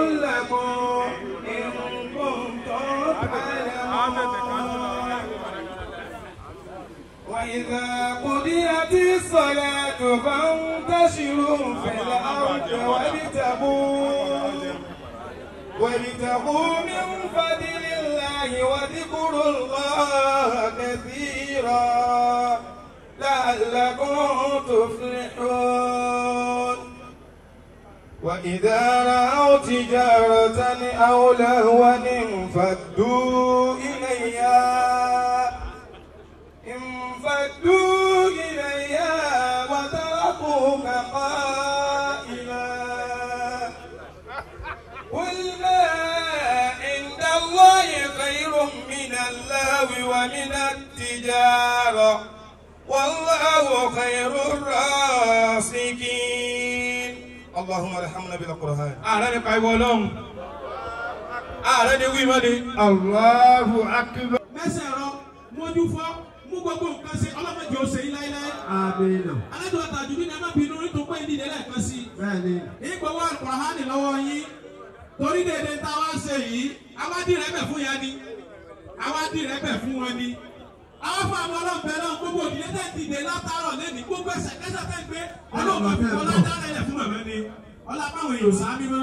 لكم إن كنتم تعلمون وإذا قضيت الصلاة فانتشروا في الأرض ولتبوا ولتبوا من فضل الله واذكروا الله كثيرا لعلكم تفلحون وإذا رأوا تجارة أو لهوا انفدوا إليها انفدوا إليها وتركوك قائلا قل ما عند الله خير من اللهو ومن التجارة والله خير الراسكين Allahumma rahamna bil Qur'an. ààrẹ ni pariwo ọlọ́run ààrẹ ni wí mọ́ni. Allahu akbar. mẹ́sẹ̀ rọ mọ́jú fọ́ mú gbogbo nǹkan ṣe ọlọ́mọdé ọ̀sẹ̀ yìí láéláé. àmín. alájọ àtàjù ní nàá má bínú nítorí pé ìdílé lẹ́ẹ̀kan sí. bẹ́ẹ̀ni. ìgbọ̀wọ́ Al-Qur'an lọ́wọ́ yín torí déédéé tá a wá ṣe yìí awádìí rẹ̀ bẹ̀ fún ni awádìí rẹ̀ bẹ̀ fún ni àwọn fún àwọn ọlọ́ọ̀bẹ náà gbogbo òdìdé tẹ̀ ti dé látàárọ̀ lẹ́nu gbogbo ẹsẹ̀ kẹsẹ̀ tẹ̀ gbé ọlọ́ọ̀bẹ fi ọlá dára ẹ̀ fún mọ̀mọ́ ni ọlá báwọn èèyàn sáámi mọ́.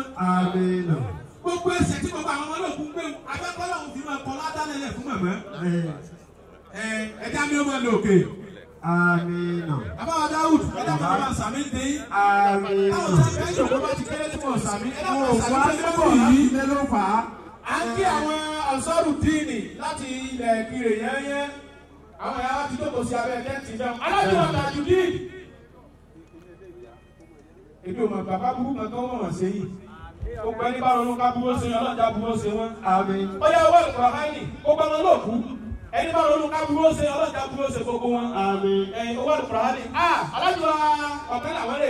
gbogbo ẹsẹ̀ tí gbogbo àwọn ọlọ́ọ̀kún gbé abẹ́kọ́lọ́ fi máa kọ́ ládá lẹ́lẹ̀ fún mọ̀mọ́. ẹ̀dá mi ó máa lọ òkè. Amina. Abáwa Dawud, ẹ dábàá àwọn ànsọ́rù díìnì láti ilẹ̀ kiri yẹ́yẹ́ àwọn yàrá ti dókòó sí abẹ́ tẹ́ǹtì fẹ́ràn alájọ ọ̀tà jùdí. èmi ò mọ̀ bàbá burú kan tó wọ̀n ṣe yìí ó pẹ́ ní báwọn olùkọ́ burú ṣe wọn ọlọ́jà burú ṣe wọn. ó yà wọ́n ìkọ̀ háìní ó gbọ́ wọn lóòkú ẹni báwọn olùkọ́ burú ṣe ọlọ́jà burú ṣe gbogbo wọn. ẹyin owó àlùkò háìní alájọ ọ̀kan làwọn lè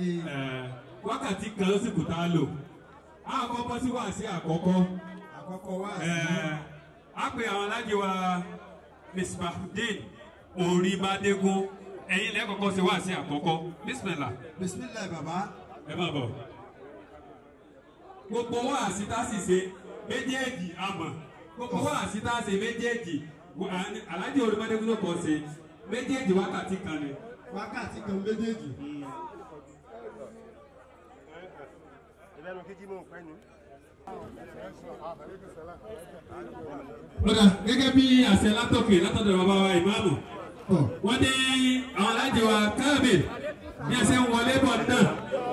Eh, wákàtí kan lásìkò tá a lò àkọ́kọ́ sí wá sí àkọ́kọ́ àkọ́kọ́ wá eh, a àwọn alájẹ wa misbahudeen oríbadégún ẹ̀yin lẹ́kọ̀ọ́kọ́ sí wá sí àkọ́kọ́ bismillah. bismillah baba. ẹ má bọ̀ gbogbo wa àsításìse méjèèjì àmọ́ gbogbo eji àsításì méjèèjì alájẹ oríbadégún ló kọ́ sí méjèèjì wákàtí kan ni. wákàtí kan méjèèjì. Hmm. lẹ́nu kíjí mò ń pẹ́ ni. lọ́dà gẹ́gẹ́ bí àṣẹ látọ̀kì látọ̀dọ̀ bàbá wa ìmáàmù wọ́n ní àwọn alájẹ wa káàbì bí ẹsẹ̀ ń wọlé bọ̀ náà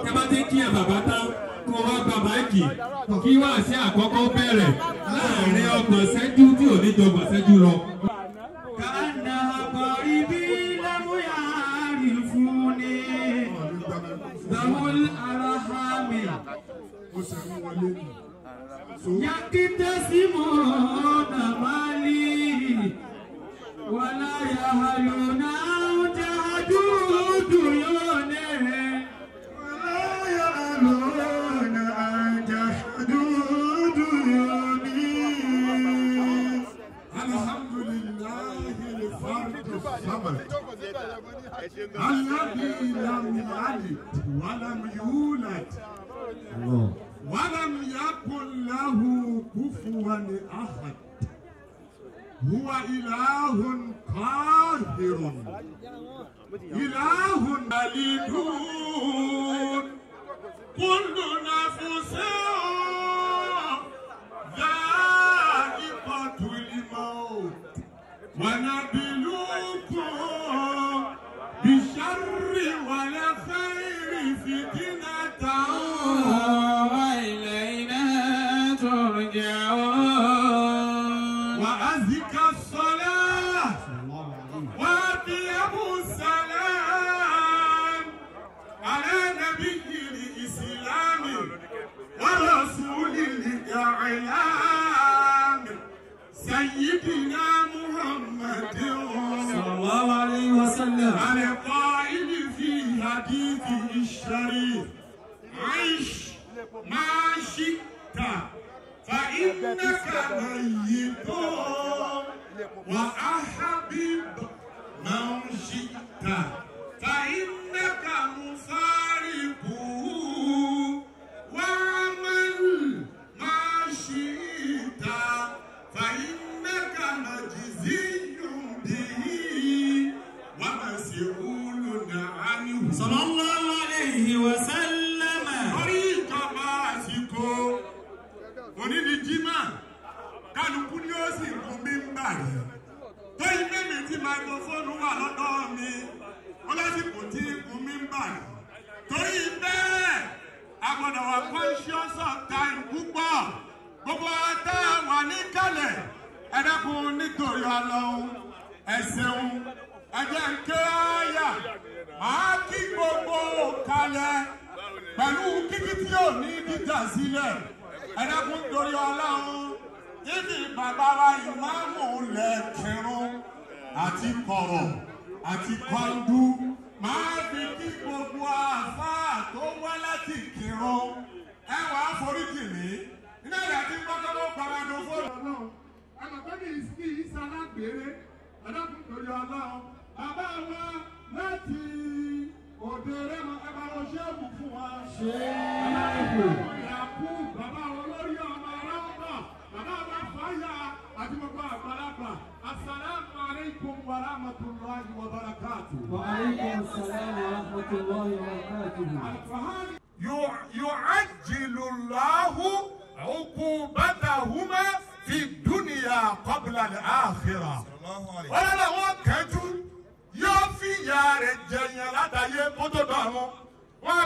kí a bá ti kí ẹ bàbá tán kí wọ́n wá gba máìkì kí wàásì àkọ́kọ́ bẹ̀rẹ̀ láàrin ọgbọ̀n ṣẹ́jú tí ò ní jọgbọ̀n ṣẹ́jú lọ. wọlé nù. Yakite Simona Mali, wàlá yàhàlù náà jájú dùyọ́ nẹ́ẹ̀. الذي لم يلد ولم يولد ولم يكن له كفوا أحد هو إله قاهر إله مليدون كل ìjà sílẹ̀ ẹ̀dẹ́kun torí ọlọ́run ibi bàbá ìmáàmù lẹ̀ kírun àti kọ̀rọ̀ àti kọ́ńdú máa fi kí gbogbo àfáà tó wá láti kírun ẹ wà á iná ìyá tí gbọ́dọ̀ pàmàdó fóònù. ọ̀nà tó ní ìsìnkì yìí ẹ̀dẹ́kun torí ọlọ́run bàbá wa láti òdèrè mọ ẹ bá lọ ṣéèkù fún wa. ṣéèkù. yàkú bàbá olórí ọmọ aráàbà bàbá bá fàyà àti àgbàlagbà asalaamu aleykum wa rahmatulahi wa barakatu. wa aleykum salaam wa rahmatulahi wa barakatu. يعجل الله عقوبتهما في الدنيا قبل الآخرة ولا لهم كجو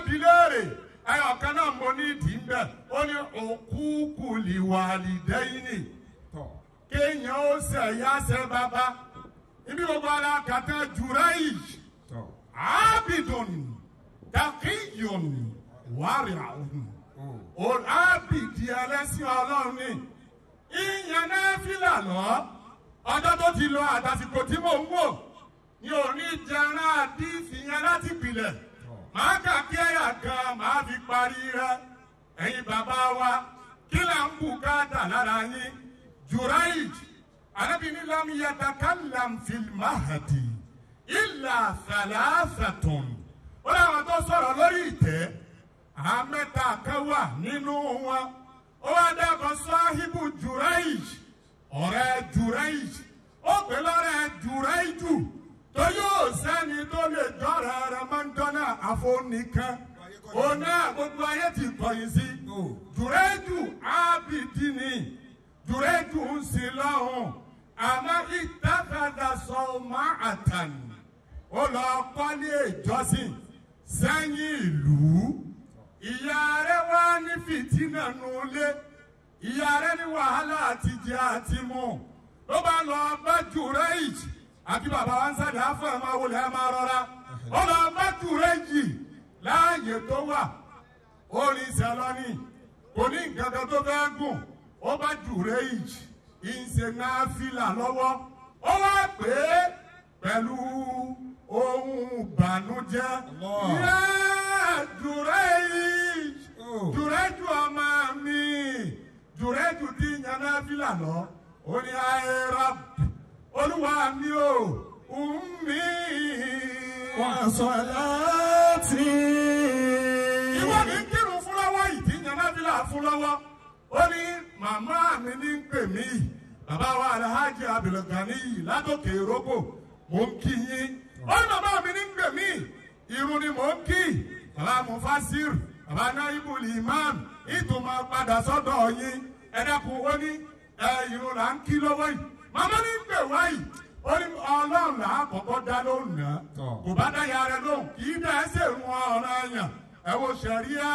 bí léèrè ẹyọ kan náà mo ní ìdí ń bẹ ó ní òkú kùlìwàlì dẹ́yìnì kéèyàn ó ṣe ẹ̀yà ṣe bàbá ibi gbogbo ara kàtà jùlọ yìí ábìdùn dàkíyùn wàrà òun ábìdì ẹlẹ́sìn ọlọ́run ni ìyẹn náà fìlà lọ ọjọ́ tó ti lọ àtàsìkò tí mò ń wò ni ò ní jẹran àdìsí yẹn láti pilẹ̀ màá kà kí ẹ̀yà kan màá fi parí rẹ̀ ẹ̀yin bàbá wa kí là ń bù káàtà lára yín juraij arábìnrin lam yatakallam fil mahdi ó láwọn tó sọ̀rọ̀ lórí ìtẹ́ àmẹ́ta kan wà nínú wọn ó wá dákọ̀ sọ́híbù juraij ọ̀rẹ́ juraij ó pè lọ́rẹ́ juraiju tó yóò sẹ́ni tó lè dọ́ra ramadana àfonìkan òun náà gbogbo ayé ti kọ̀yìn sí dùrẹ́jù ábìdínì dùrẹ́jù ń sin lọ́hùn àmọ́ ìtàkàdà sọ ọmọ àtàn ó lọ kọ́lé ìjọsìn sẹ́yìn ìlú ìyá rẹ wá ní fìtínà nulẹ̀ ìyá rẹ ní wàhálà àtijẹ àti ló bá lọ bá jùrẹ́jì àti bàbá wa ń sàdá fún àwọn awolẹ̀ ẹ máa rọra ọlọ mẹtùrẹ́jì láàyè tó wà orin sẹlọ́nì kò ní nǹkan kan tó fẹ́ gùn ó bá dùrẹ́jì ìṣe náà fìlà lọ́wọ́ ó wá pé pẹ̀lú ohun ìbànújẹ́ yẹ́ dùrẹ́jì oh. dùrẹ́jù ọmọ mi dùrẹ́jù dín yẹn náà fìlà lọ ó ní ayé rọ́bù olúwa mi ò ummi wasalati. ìwọ ni kírun fún lọ́wọ́ ìdí yanábìlà fún lọ́wọ́ ó ní màmá mi ní pè mí bàbá wa alhaji abdulgani ládòkè robo mò ń kí yín ó ní bàbá mi ní pè mí irun ni mò ń kí bàbá mufasir bàbá naibu imam ìtumọ̀ padà sọ́dọ̀ yín ẹ̀dẹ́kun ó ní irun là ń kí lọ́wọ́ yìí. Mama, ní pè wá yìí ó ní ọlọ́run là á kọ́kọ́ dá lóhùn náà kò bá dá yàrá lóhùn kì í bẹ́ẹ̀ ṣe ń wọn ọ̀ràn àyàn ẹ wo sẹ̀ríà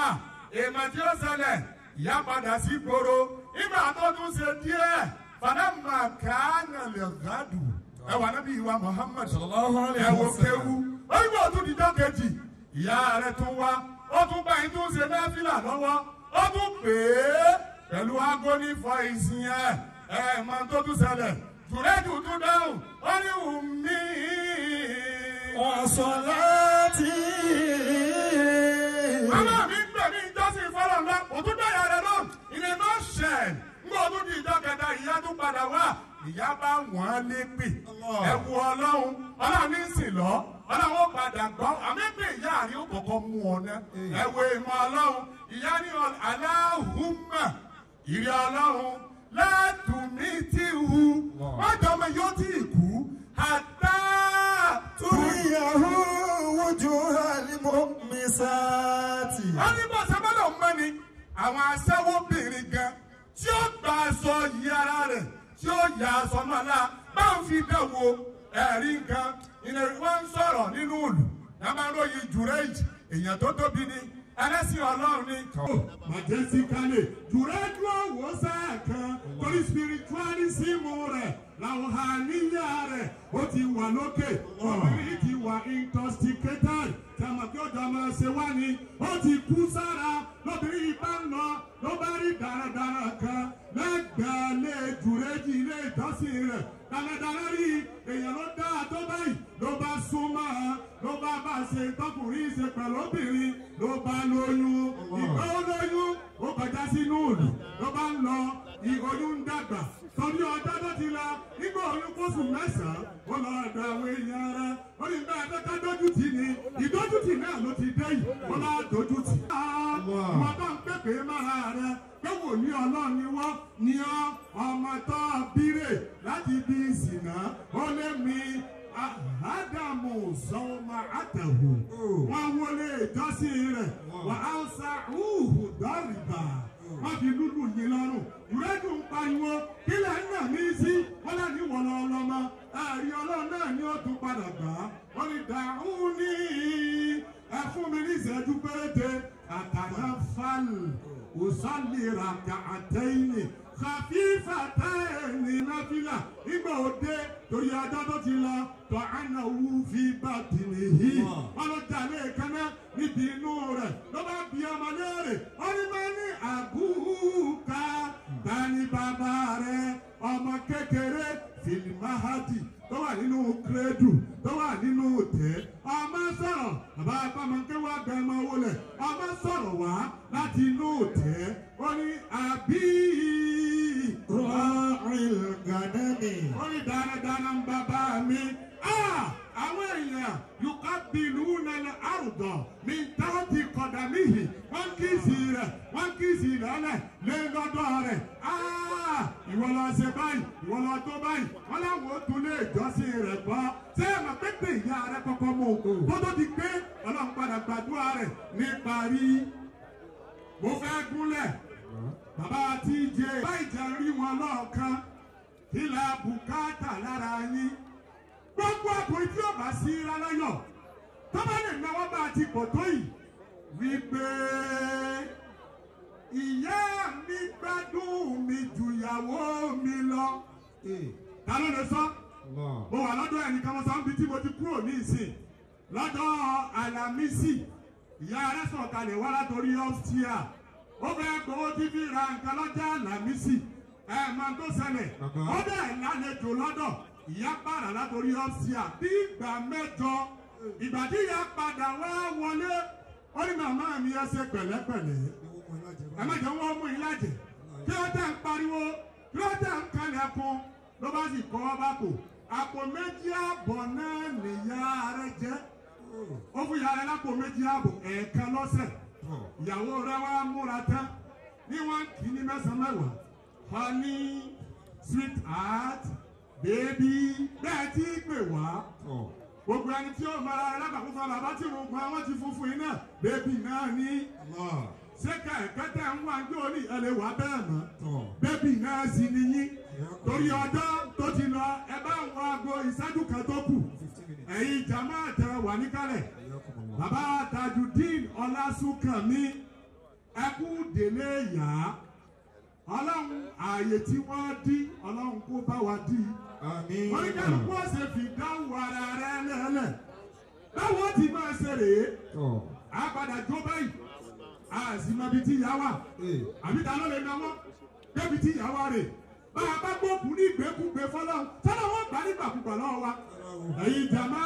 èèmọ̀ tí ó ṣẹlẹ̀ ìyá padà sí gbòòrò ìgbà tó tún ṣe díẹ̀ fàdámà kàánà lè gbádùn ẹ wà níbi ìwà Muhammad ẹ wo kéwu ó ní bọ̀ tún dídọ́ kejì ìyá rẹ̀ tún wá ó tún bá yín tún ṣe náà fìlà lọ́wọ́ ó tún pè é pẹ̀lú agolo ìfọ̀ ìsìn ẹ̀ ẹ mọ tó tún ṣẹlẹ̀ jùrẹ́jù tún dáhùn ó ní Wùmí. ọ̀sán láti. màmá mi ń gbẹ̀mí ìjọsìn fọlọ́ńlá òtún dáyà rẹ̀ náà ilé náà ṣẹ̀ ń gbọ́ ọdún di ìjọ kẹta ìyá tún padà wá ìyá bá wọ́n lépè ẹ̀wù ọlọ́run ọlọ́run ní sìn lọ ọlọ́run ó padà gbọ́ àmẹ́pẹ́ ìyá àrí ó kọ̀kọ́ mú ọ ná ẹ̀wù ìmọ̀ ọlọ́run ìyá ní aláhùnmá ìrí ọlọ́run lẹ́dùnmítìhù májọmọ yóò tí ì kú àdá túríyàwó wújú àlìmọ́ mísáàtì. wọ́n ní bó ṣe gbọ́dọ̀ mọ́ ni àwọn aṣẹ́wóbìnrin gan tí ó gba aṣọ yìí ara rẹ̀ tí ó yà aṣọ náà la bá ń fi dẹ̀ wo ẹ̀rí nǹkan ìnáwó ń sọ̀rọ̀ nínú ìlú ẹ̀ máa ń ròyìn jùrẹ́jì èèyàn tó tóbi ni ẹlẹ́sìn ọlọ́run ni. majestically jùrẹ́dúró wò sáà kan torí spiritualism rẹ̀ làwòhánìyà rẹ̀ ó ti wà lókè ọ̀rẹ́ ti wà intoxicated tẹ̀mọ̀ tí ó jọ máa ṣe wá ni ó ti kú sára lóbìnrin ibà ń lọ ló bá rí dáradára kan lẹ́gbẹ̀ẹ́ lé jùrẹ́jì ilé ìtọ́sìn rẹ̀ dáradára rí èèyàn ló dá àtọ́ báyìí ló bá súnmọ́ ló bá bá ṣe tọkùnrin ṣe pẹ̀lú obìnrin ló bá lóyún ìgbà ó lóyún ó kọjá sínú òòlù ló bá ń lọ ìrònú ń dàgbà torí ọjọ́ tó ti la nígbà oyún kóṣù mẹ́sàn-án ó lọ ọ̀dọ̀ àwọn èèyàn ara ó ní bẹ́ẹ̀ tó ká dójútì ni ìdójútì náà ló ti dé yìí ó lọ́ọ́ dójútì. mo bá ń pèpè mára rẹ pé wò ní ọlọ́run ni wọ́n ọmọ tó bírè láti bí ìsìnà ó lé mi Ádámù sọ́mà àtẹ̀wò. Oh. Wọ́n wọlé ìjọsìn rẹ̀, wọ́n sa úhù dọ́rìbà má fi lúlù yín lọ́rùn ìrẹ́jù ń pariwo kílẹ̀ ń nà mí sí wọ́n láti wọ̀ lọ ọlọ́mọ ààrí ọlọ́run náà ni ó tún padà gbà á wọ́n ní dàrún ní ẹ fún mi ní ìṣẹ́jú péréte àtàlà fàlù òsàlìrà àtẹ̀yìn kàfífà táyẹ̀nì náfìlà nígbà òde torí adá tó ti lọ tọ́ àná wú fi bá tìǹhì wọ́n lọ jalè kaná níbi inú rẹ̀ ló bí ọmọ léèrè wọ́n Abuka, tani Baba, rẹ ọmọ kékeré filimahadi tó wà nínú kírẹ́dù tó wà nínú tẹ́ ọmọ sọ̀rọ̀ bàbá àpamọ́kẹ́ wà bẹ́ẹ̀ máa wọlé ọmọ sọ̀rọ̀ wá láti inú tẹ́ ó ní àbí rọ́ọ̀rì gàdẹ́mì ó ní dáradára ń bàbá mi. Ah! àwọn èèyàn yòókà bìlú nàlẹ àrùdọ ní táàtì kọdà níhì wọn kì í sì rẹ wọn kì í sì lọlẹ lé lọ́dọ̀ rẹ̀ áá ah! ìwọ lọ ṣe báyìí ìwọ lọ tó báyìí wọn làwọn ò tún lé ìjọsìn rẹ̀ gbọ́ ṣé ẹ máa pépè ìyá rẹ̀ kọ́kọ́ mọ òkun tó tó di pé gbàdúrà rẹ̀ ní parí mo fẹ́ gúnlẹ̀ bàbá tí báyìí jẹ rí wọn lọ́ọ̀kan kí la bùkátà lára yín gbogbo ọkùnrin tí yóò bá sí lálọ́yọ̀ tó bá lè náwó bá a ti pọ̀ tó yìí wípé ìyá mi gbádùn mi jùyàwó mi lọ. Eh, ta ló lè sọ mo wà lọ́dọ̀ ẹnìkan wọn sọ níbi tí mo ti kúrò ní ìsìn lọ́dọ̀ Alámísì ìyá arásọ̀ kalẹ̀ wá látòrí ọ́stíà ó fẹ́ gbowó tí fi ra nǹkan lọ́jà Alámísì ẹ̀ máa tó ṣẹlẹ̀ ó bẹ̀ lálejò lọ́dọ̀ ìyá bàrà látòrí ọ́fíà bí ìgbà mẹ́jọ ìgbà tí ìyá padà wá wọlé ó ní màmá mi ẹ ṣe pẹ̀lẹ́pẹ̀lẹ́ ẹ má jẹ́ wọ́n mú ìlàjẹ̀ kí ló tẹ̀ ń pariwo kí ló tẹ̀ ń kalẹ̀ kun ló bá sì kọ́ bá kò àpò méjì àbọ̀ náà nìyá rẹ jẹ́ ó fún ìyá rẹ lápò méjì àbọ̀ ẹ̀ẹ̀kan lọ́sẹ̀ ìyàwó rẹ wá múra tán ní wọn kì í ní mẹ́sàn-án mẹ́wàá honey sweet heart bèbí bẹ́ẹ̀ tí ì pè wá gbogbo ẹni tí ó mara alábàkúfà bàbá tí gbogbo àwọn ti funfun yìí náà bèbí náà ní sẹ́ka ẹ̀ka tẹ̀ ń wá ní orí ẹ̀lẹ́ wà bẹ́ẹ̀ mọ́ bẹ́bí náà sì nìyí torí ọjọ́ tó ti lọ ẹ bá ń wọ aago ìṣẹ́jú kan tó kù ẹ̀yin jàmá àtẹ wà níkàlẹ̀ bàbá tajudeen ọlásùnkànmí ẹkú délé yá ọlọ́run ààyè tí wọ́n dí ọlọ́run kó bá wa dí wọ́n kálukú hmm. ọ̀sẹ̀ fi dáhùn ara rẹ lẹ́lẹ̀ báwo ti máa ṣe rèé a padà jó báyìí a sì mọ ibi tí ìyá wà eh. àbí ta ló lè na wọ́n débi tí ìyá wà rè bá a bá gbóòkú ní ìgbékúgbé fọlọ́ sọ́dọ̀ wọ́n gbà nígbàkúgbà lọ́wọ́ wa ẹ̀yin jàmá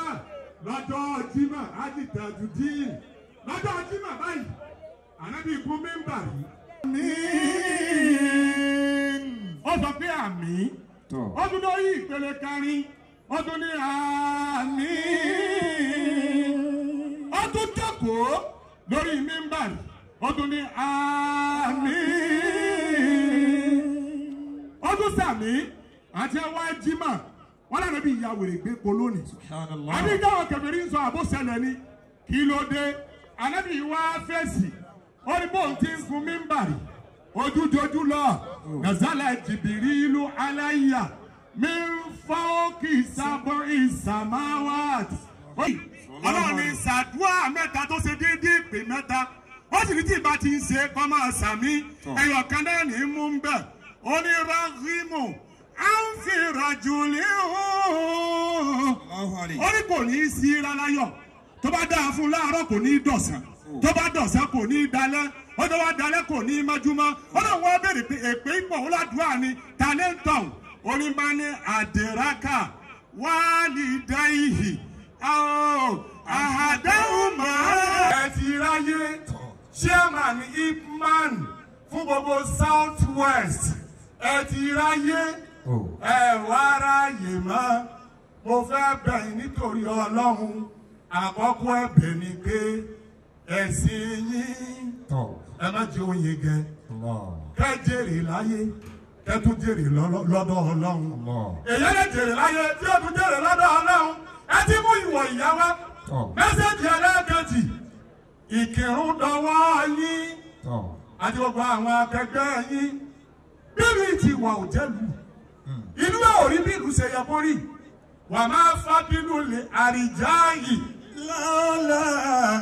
lọ́jọ́ jimá ájìtàjù dín lọ́jọ́ jimá báyìí ànábì ikú mímbà yìí. ó sọ pé àmì. ọdún tó yí ìpele kẹrin ọdún ní àmì ọdún jókòó lórí mímbàrì ọdún ní àmì ọdún sàmì àti ẹwà jimá wọn lànà bí ìyá wèrè gbé kó lónìí àdìgbà wọn kẹfìrí ń sọ àbóṣẹlẹ ni kí ló dé ànábì wá fèsì ó ní bóun ti ń fún ojúdojú lọ gazala oh. jibirilu alaya, min fawqi sab'i samawat. ọlọ́run ní sàdúrà mẹ́ta tó ṣe déédéé pé mẹ́ta ó sì ní tí ìbá ti ń ṣe kọ́ máa sàmí oh. ẹ̀yọ̀ kan náà ní í mú ń bẹ̀ onírọ́gímù àǹfìràjùlẹ̀ ó ní kò ní í sí rárá yọ tó bá dáa fún láàárọ̀ kò ní í dọ̀sán oh. tó bá dọ̀sán kò ní í dalẹ́ ọjọ́ wa dalẹ́ kò ní í mọ́júmọ́ wa béèrè pé èpè pọ̀ ó ládùúrà ni talentum onímọ̀ ní àdèràkà wáàlì dáìhì àhàdáhùn máa. ẹ ti chairman ipman fún gbogbo south west ẹ ti ráyé oh. ẹ wá ráyè mọ́ mo fẹ́ bẹ̀yìn nítorí ọlọ́run àkọ́kọ́ ẹ̀bẹ̀ ni pé ẹ̀sìn yín ẹ má jẹ́ òye gẹ ká jèrè láyé ẹ tún jèrè lọ́dọ̀ ọlọ́run èyí lè jèrè láyé tí ó tún jèrè lọ́dọ̀ ọlọ́run ẹ ti mú ìwọ̀ ìyá wá mẹ́sẹ̀jì ẹlẹ́ẹ̀kejì ìkírun dọwọ́ yín àti àwọn akẹgbẹ́ yín bíbí ti wà inú hmm. ẹ̀ ò rí bí ìlú ṣe yẹ kó rí wà máa fábínú lè àríjáàyè ìlàlà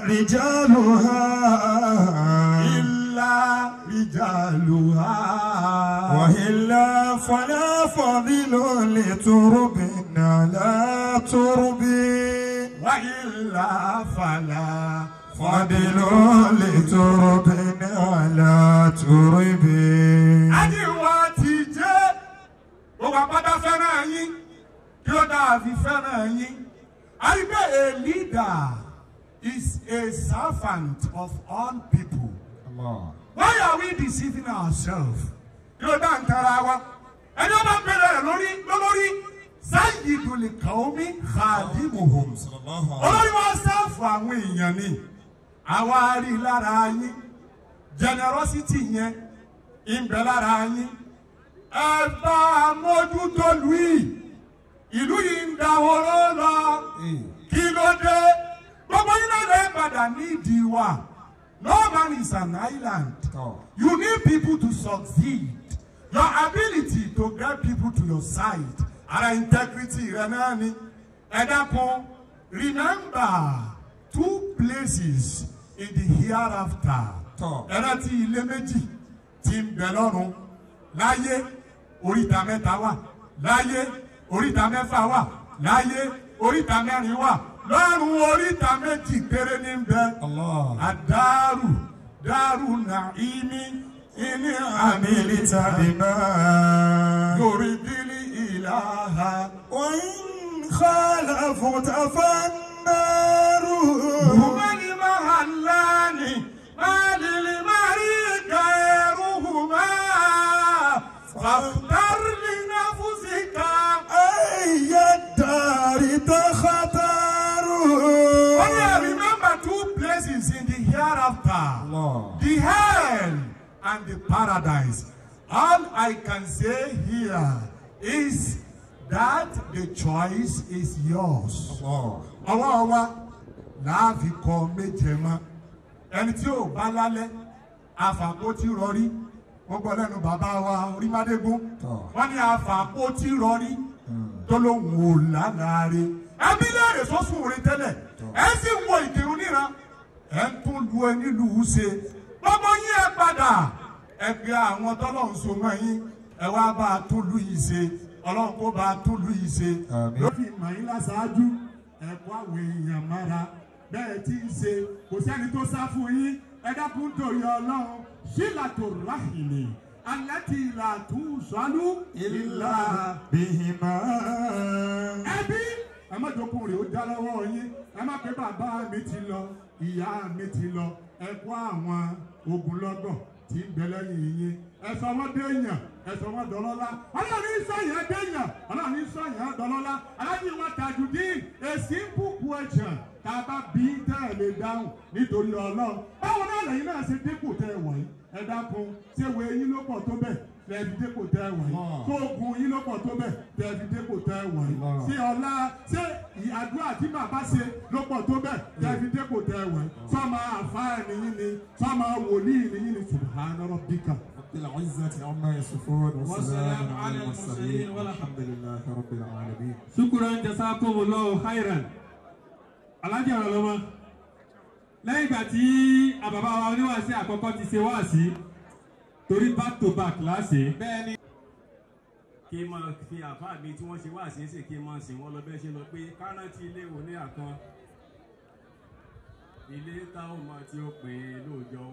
rìjàlùhà. ìlà rìjàlùhà. wàhílà fọlá fọdílò lè tóró bìnnà látóró bí. wàhílà fàlà fọdílò lè tóró bìnnà látóró bí. àdìwọ̀ ti jẹ́ gbogbo àpáta fẹ́ràn yín kí ló dáa fi fẹ́ràn yín. I Aribe, a leader, is a servant of all people. Allah. Why are we deceiving ourselves? Yorùbá ń tara wa. And you don't tell bẹ̀rẹ̀ rẹ̀ lórí lórí Sayyidul Qawmi Khadimuhum. Olórí wọn sáfù àwọn èèyàn ni. Àwa rí lára yín. Generosity yẹn ń bẹ lára yín. Ẹ bá a to lùí ìlú yìí ń dahoro hmm. lọ kí ló dé gbogbo united empire need wa no is an island you need people to succeed your ability to get people to your side ara integrity rẹ náà ni ẹ remember two places in the hereafter ẹ rántí ilé méjì tí ń bẹ lọ́run láyé oríta mẹ́ta wà láyé oríta mẹ́fà wà láyé oríta mẹ́rin wà lọ́run oríta méjì péré ní bẹ àdárù dárù nàìmí ìní àmìlí tàbí máa lórí bílí ìlàhà oyin khalafut afannaru. Wọ́n ní máa ń lá. hereafter, Lord. the hell and the paradise. All I can say here is that the choice is yours. Ọwọ́ ọwá láàfin kọ méje mọ́. Ẹni tí ò bá lálẹ́, àfàkó tí rọrí. Wọ́n gbọ́ lẹ́nu bàbá wa Orímádégún. Wọ́n ní àfàkó tí rọrí hmm. tó lóun ò lálàá rí. Ẹbí ẹ ń tún lu ẹni lù ú ṣe gbogbo yín ẹ padà ẹgbẹ́ àwọn tọ́lọ̀ ń so mọ́ yín ẹ wá bá a tún lu yìí ṣe ọlọ́run kó bá a tún lu yìí ṣe. lórí ìmọ̀ yín láṣáájú ẹ kó àwọn èèyàn mára bẹ́ẹ̀ tí ń ṣe kò sẹ́ni tó sá fún yín ẹ dákun torí ọlọ́run sílàtò ráhìnì alẹ́tì ìlàtú sọ́lú ìlà bìhìmá. ẹbí ẹ má jókòó rè ó dá lọ́wọ́ yín ẹ má pé bàbá mi ti lọ ìyá mi ti lọ ẹ kó àwọn ogunlọ́gọ̀ tí ń bẹ lẹ́yìn yín ẹ sọ wọ́n déèyàn ẹ sọ wọ́n dọ́lọ́lá ọlọ́run ní sọ̀yìn déèyàn ọlọ́run ní sọ̀yìn dọ́lọ́lá aláàbí wọn Tajudeen èsì ń bùkún ẹ̀jẹ̀ tá a bá bí tẹ́ ẹ̀ lè dáhùn nítorí ọlọ́run báwo náà lẹ́yìn náà ṣe dínkù tẹ́ ẹ̀ wọ̀nyí ẹ dákun ṣé wo eyín ló pọ̀ tó bẹ́ẹ̀ tẹ̀bi dépò tẹ́ ẹ wọ̀nyí tó ah. gun yín ló pọ̀ tó bẹ̀ tẹ̀bi dépò tẹ́ ẹ wọ̀nyí ah. ṣé ọlá ṣé àdúrà tí bàbá ṣe ló pọ̀ tó bẹ̀ tẹ̀bi dépò tẹ́ ẹ wọ̀nyí ah. sọ́mà àfa ẹ̀nìyí ni sọ́mà wòlíì nìyí ni subhana rabbika. العزة عما يصفون وسلام على المرسلين والحمد لله رب العالمين شكرا جزاكم الله خيرا alájà ọ̀rọ̀ lọ́mọ lẹ́yìn ìgbà tí àbàbá wa oníwàásí àkọ́kọ́ ti ṣe wáàsí torí back to back láṣẹ. bẹ́ẹ̀ni. kí n máa fi àfáà mi tí wọ́n ṣe wá àṣeéṣe kí n máa sìn wọ́n lọ bẹ́ẹ̀ ṣe lọ pé kárántì ilé òní àkan ilé táwọn máa ti ó pè é lóòjọ́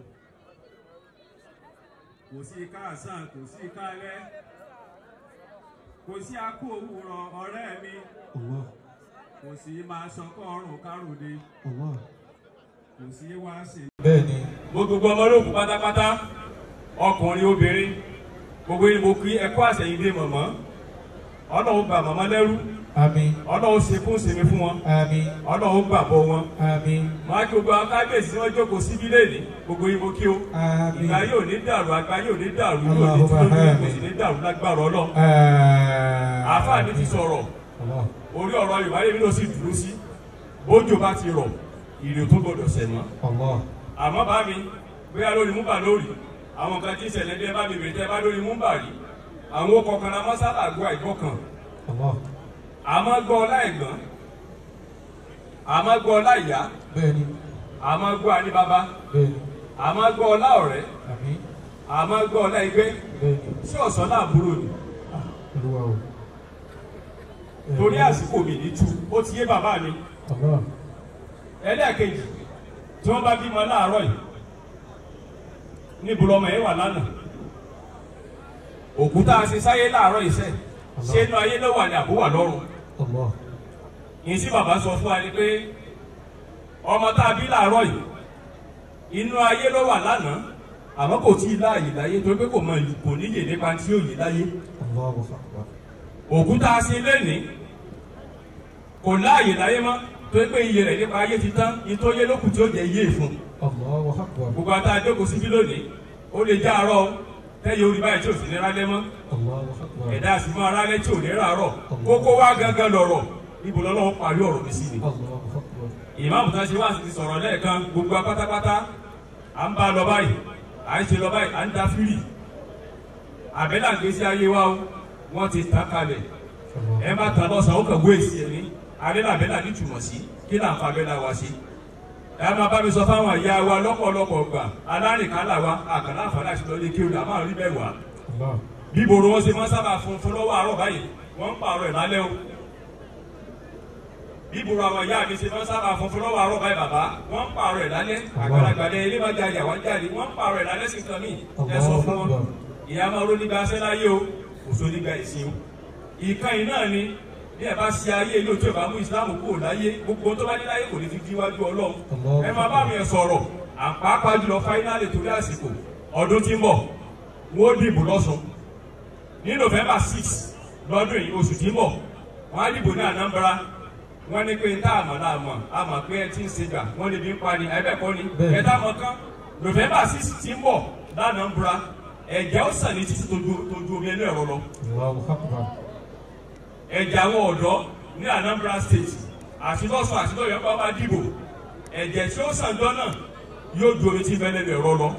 kò sí káàsán kò sí kárẹ́ kò sí akó òwúrọ̀ ọ̀rẹ́ mi kò sí máa sọkọ́ ọrùn káròde kò sí wá sí. bẹ́ẹ̀ni mo gbogbo ọmọ olóògùn pátápátá. ọkùnrin obìnrin gbogbo yín mo kí ẹ kú àsẹ̀yìndé mọ̀mọ́ ọlọ́run bà màmá lẹ́rú àmín ọlọ́run sekún fún wọn àmín ọlọ́run gbàbọ̀ wọn máa kí gbogbo akábíyèsí wọn jókòó síbi ní gbogbo yín mo kí o ìgbà yóò ní dàrú àgbà yóò ní dàrú yóò ní kò sì ní dàrú lágbára ni ti orí yorùbá yẹn ló sì àwọn kan tí ìṣẹ̀lẹ̀ dé bá bèbè tẹ́ bá lórí múmbàrí àwọn okọ̀ kan la mọ́ sábà gbọ́ àìgbọ́ kan àmọ́ gbọ́ láìgbọ́n àmọ́ gbọ́ láìyá àmọ́ gbọ́ alíbaba àmọ́ gbọ́ láọ̀rẹ́ àmọ́ gbọ́ láìgbé sí ọ̀sán láàbúrò ni ah, eh, torí àsìkò mi ní tu ó ti yé bàbá mi ẹlẹ́ẹ̀kejì tí wọ́n bá bímọ láàárọ̀ yìí níbo lọmọ yẹn wà lánàá òkúta ṣe sáyé láàárọ̀ iṣẹ́ ṣé inú ayé ló wà ní àbó wà lọ́run yìí sí bàbá sọ fún wa ni pé ọmọ tá a bí láàárọ̀ yìí inú ayé ló wà lánàá àmọ́ kò tí ì láàyè láyé torí pé kò mọ kò níyè nípa tí ò yè láyé òkúta ṣe lẹ́nìí kò láàyè láyé mọ́ torí pé iye rẹ̀ nípa ayé ti tán ìtòyé lókùn tí ó jẹ iye ìfún gbogbo ata àjókòó síbí lónìí ó lè já àárọ̀ tẹ́yẹ orí báyìí tí ò sì ní rálẹ́ mọ́ ẹ̀dá sì máa rálẹ́ tí ò ní ràárọ̀ kókó wá gangan lọ̀rọ̀ níbo lọ́lọ́wọ́ parí ọ̀rọ̀ mi sí ni ìmáàmù tó ń ṣe wá sí ti sọ̀rọ̀ lẹ́ẹ̀kan gbogbo apátápátá à ń bá lọ báyìí à ń ṣe lọ báyìí à ń da fírì àbẹ́là gbèsè ayé wa o wọ́n ti tà kalẹ̀ ẹ má tà lọ́sàn-án ó kàn wé èsì ẹ̀mí àbẹ́là àbẹ́là ní tùmọ̀ sí kí là ń fa abẹ́là wa sí ẹ máa bá mi sọ fáwọn ìyá wa lọ́pọ̀lọpọ̀ gbà alárìnkálà wa àkàlà àfàlà àti lọ́lé kí olè àmọ́ rí bẹ́ẹ̀ wá. bíboro wọn ṣe máa sábà funfun lọ́wọ́ àárọ̀ báyìí wọ́n ń pààrọ̀ ẹ̀ lálẹ́ o. bíboro àwọn ìyá mi ṣe máa sábà funfun lọ́wọ́ àárọ̀ báyìí bàbá wọ́n ń pààrọ̀ ẹ̀ lálẹ́ àgbàlagbà lẹ ilé máa jáde àwọn jáde wọ́n ń pààrọ̀ ẹ̀ lálẹ́ sí nǹkan míì ẹ sọ fún wọn ìyá máa ró nígbà sẹ́láyé o kò sónígbà ìsìn o bí ẹ bá ṣe ayé ilé òtún ìbámu ìsìláàmù kúrò láyé gbogbo tó bá ní láyé kò ní fi díwájú ọlọ́run ẹ máa bá mi sọ̀rọ̀ àpapàá jùlọ fáínàlì torí àsìkò ọdún tí ń bọ̀ wọ́n dìbò lọ́sùn ní november six lọ́dún yìí oṣù tí ń bọ̀ wọ́n á dìbò ní anambra wọ́n ní pé tá àmọ̀ náà mọ̀ àmọ̀ pé ẹ ti ń ṣe gbà wọ́n lè bí ń pani ẹ̀bẹ̀kọ́ ni ẹ̀dá mọ̀ kan november six tí ń bọ̀ lánàá ń bura ẹ̀jẹ̀ ó sàn ní títí tó ju omi ẹnu ẹ̀rọ lọ ẹ̀jẹ̀ àwọn ọ̀dọ́ ní Anambra State àti lọ́sọ̀ àti lọ́yọ̀ bá bá dìbò ẹ̀jẹ̀ tí ó sàn lọ́nà yóò ju omi tí bẹ́lẹ̀ lè rọ lọ.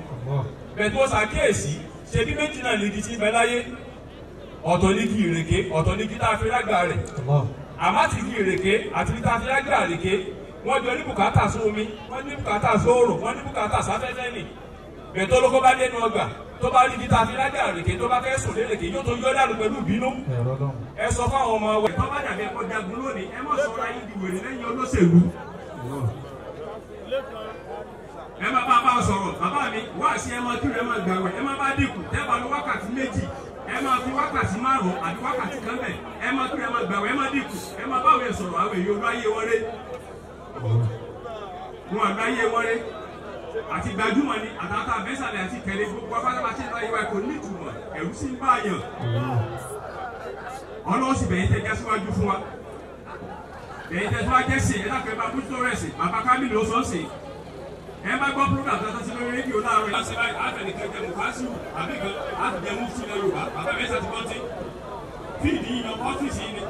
bẹ̀tẹ̀ ó ṣàkíyèsí ṣe bí méjì náà ní igi tí bẹ láyé ọ̀tọ̀ ní igi ìrèké ọ̀tọ̀ ní igi tá a fi lágbà rẹ̀ àmọ́ àti igi ìrèké àti igi tá a fi lágbà ìrèké wọ́n jọ ní bùkátà sómi wọ́n ní bùkátà sóòrò wọ́n ní bùkátà sáfẹ́fẹ́ nì bẹ̀tọ́ ló kó bá dé nu ọgbà tó bá rí bíta fi lájà rèké tó bá fẹ́ sùn lérèké yóò tó yọ dànù pẹ̀lú ìbínú. ẹ sọ fún àwọn ọmọ wa. tó bá dàbí ẹ̀kọ́ jagun lónìí ẹ mọ̀ sọ́ra yín di wèrè lẹ́yìn olóṣèlú. ẹ má bá a bá a sọ̀rọ̀ bàbá mi wá sí ẹ máa kírun ẹ máa gbàwẹ̀ ẹ má bá dínkù tẹ́gbà ló wákàtí méjì ẹ máa fi wákàtí márùn-ún àti wákàtí kan bẹ̀ ẹ máa kírun ẹ máa gbàwẹ̀ ẹ má dínkù ẹ má báwẹ̀ sọ̀rọ̀ àwọn èèyàn olú ayé wọlé. wọn wọlé àti gbajúmọ̀ ni àtàtà mẹ́sàlẹ̀ àti kẹlẹ́ gbogbo abájáma ṣe lọ ìwà ẹ̀kọ́ nítumọ̀ ẹ̀rú sí ń báyàn ọlọ́sì bẹ̀yìn tẹ́ gẹ́síwájú fún wa bẹ̀yìn tẹ́ tó wá gẹ́sì ẹ̀ dàpẹ́ bá bójútó rẹ̀ sí bàbá kábìlì ó sọ́ọ̀sì ẹ bá gbọ́ program tó tọ́sí lórí rédíò láàárọ̀ yìí. lọ́sẹ̀ báyìí àtẹnìkan jẹ mùkásù àbí kan láti jẹ mú sílẹ̀ Yorùbá bàbá mẹ́sà ti bọ́ntì fíìdì yan ọ́fíìsì yìí ni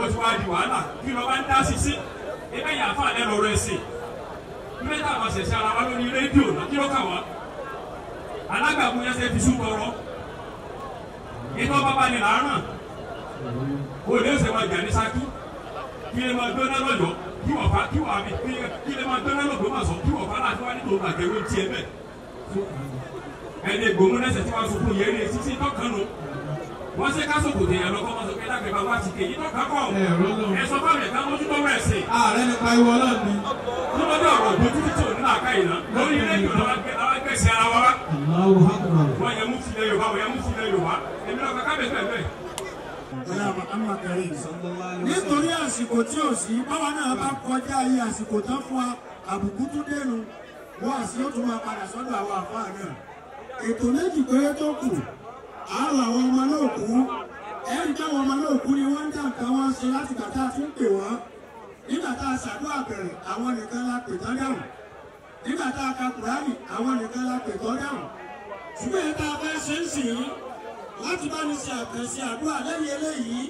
ó ti wá di wàhálà kí lọ́ba ń dá sí sí ẹ bẹ́ẹ̀ yà fáàlẹ́ lọ́rọ̀ ẹ̀sìn ilé tá a máa ṣẹ̀ṣẹ̀ ara wa lórí rédíò náà kí ló kà yẹn ṣe fi sùn tọrọ iná bàbá ni là á ṣe máa jà ní Ṣakí kí lè máa gbóná lọ́yọ̀ọ́ kí wọ́n fa kí wọ́n àmì kí lè máa gbóná lọ́gbọ́n máa sọ kí wọ́n fa láti wá nítorí òun àgẹ̀wé tiẹ̀ bẹ́ẹ̀ ẹni gbòmúnẹsẹ̀ tí wọ́n sọ fún yẹn ní sísí tọ́kànnù wọ́n ṣe kásòkò dèèyàn lọ́kọ́ wọn sọ pé lágbègbè wa ti kéyìn náà kákọ́ ẹ̀sọ́ bá rẹ̀ káwọn ojú lọ́wọ́ ẹ̀sìn. ààrẹ ni pariwo náà ni. lọ́dọ̀ ọ̀rọ̀ bójú tó ní làákà yìí náà lórí rédíò làwọn gbèsè ara wa. wọ́n yẹ mú filẹ̀ yorùbá wọ́n yẹ mú filẹ̀ yorùbá èmi náà kàkà bẹ̀ bẹ̀ nítorí àsìkò tí ò sí báwa náà bá kọjá ayé àsìkò tán fún wa àbùkù tún dénú wọ́n àsìkò tún máa padà sọ́dọ̀ àwọn àfáà náà ètò méjì péré tó kù àárọ̀ àwọn ọmọ náà kú ẹ̀ ń dáwọn ọmọ náà kú ni wọ́n ń dá nǹkan wọn ṣe láti gbàtà tún pè wọ́n nígbà tá a ṣàdúrà bẹ̀rẹ̀ àwọn nìkan la pè tán dáhùn nígbà tá a ka kùránì àwọn nìkan la pè tán dáhùn ṣùgbọ́n ẹ̀ tá a bá ṣe ń sìn yín láti bá mi ṣe àkànṣe àdúrà lẹ́yìn eléyìí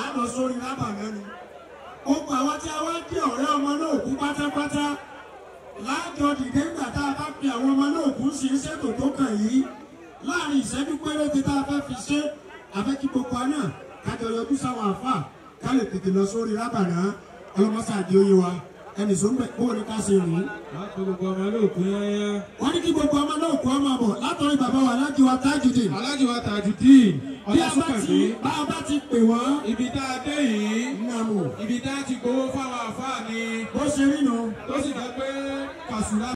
a lọ sórí lábà mẹ́nu gbogbo àwọn tí a wá dé ọ̀rẹ́ ọmọ náà kú pátápátá láàjọ dìde ńgbà tá a bá pe àwọn ọmọ náà kú láàrin ìṣẹ́jú péréte tá a fẹ́ fi ṣe àfẹ́ kí gbogbo àná kájọ yọjú sáwọn àfà ká lè tètè lọ sórí rábànà ọlọmọsàdì oyè wa ẹnì sọ mbẹ kó o ní ká ṣe rìn. wọ́n kí gbogbo ọmọ lóòkú yáyá. wọ́n ní kí gbogbo ọmọ lóòkú ọmọ bọ̀ látọ̀rí bàbá wa alájíwá tajudeen. alájíwá tajudeen. bí a bá ti bá a bá ti pè wọ́n. ibi tá a dé yìí. nàmú. ibi tá a ti gbowó fáwọn àfáà ni. bó ṣe rí nu. tó sì jẹ́ pé kàṣùlá.